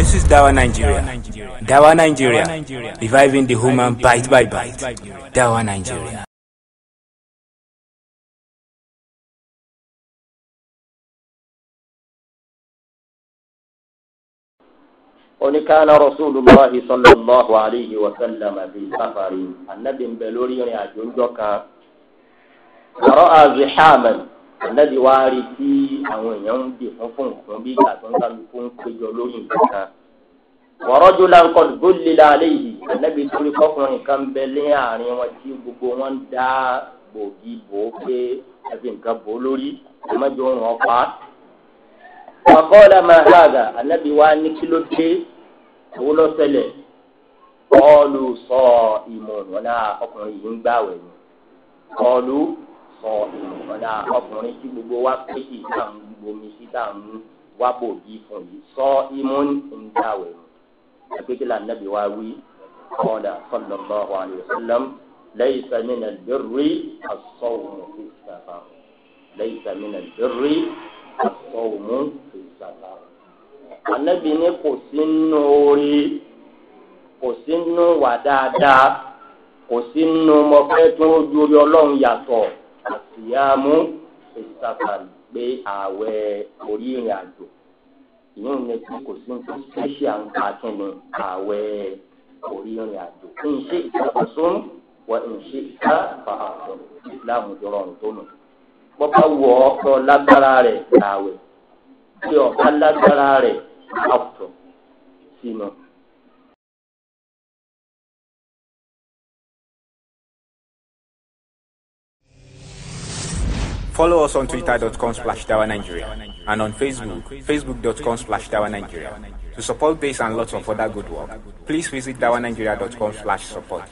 This is Dawa Nigeria. Dawa Nigeria. Reviving the human bite by bite. Dawa Nigeria. oníkàlá rasulillahi sallallahu alayhi wa sallam fi safari anabi nbẹ lórí ìrìn àjò ńjọ kan. ọ̀rọ̀ azihaman ànábì wa rí tí àwọn èèyàn ń dì fún fún nǹkan bí ìgbà tó ń kálukú ń péjọ lórí nǹkan kan wọ́rọ́jú la ń kọ́ gbólé yìí ànábì torí kọkùnrin kan bẹ ní àárín wọn tí gbogbo wọn dá gbòógì bò pé ẹbí nǹkan bò lórí ẹmẹjọ ń wọn pa. wàkọ́ọ̀lá máa hàgà ànábì wa ní kí ló dé owó lọ sẹlẹ̀ kọ́ọ̀lù sọ ìmọ̀ ọ̀nà ọkùnrin yìí ń gbà wẹ̀ sọ ọ̀dà ọkùnrin tí gbogbo wa pé kì í tà ń gbomi sí tà ń wá bòbí fún yìí sọ imú ń dáwẹ̀ àgbégbélà nàbí wa wí kọ́ńdà sallallahu alayhi wa sallam laysa min al-birri as-sawmu fi safar laysa min al-birri as-sawmu fi safar. Ànábì ní orí kò sínú wà dáadáa kò sínú mọ̀fẹ́ tó ń dorí ọlọ́run yàtọ̀ àtìyàmú ìsàkàlù pé ààwẹ̀ orí ìrìn àjò ìyẹn ò ní kí kò sí nǹkan ṣíṣe à ń pa kíni ààwẹ̀ orí ìrìn àjò kí n ṣe ìṣàkóso wọ ìṣe ìṣá fàáfọ ìsìláàmù jọrọ ọ̀run tó nù. bọ́bá wọ ọkọ lágbára rẹ̀ ààwẹ̀ tí ọ̀ká lágbára rẹ̀ ààwẹ̀ sínú. Follow us on twitter.com slash Dawa Nigeria and on Facebook, facebook.com slash Dawa Nigeria. To support this and lots of other good work, please visit dawanigeria.com slash support.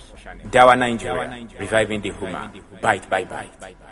Dawa Nigeria, reviving the humour. Bite, bye, bye.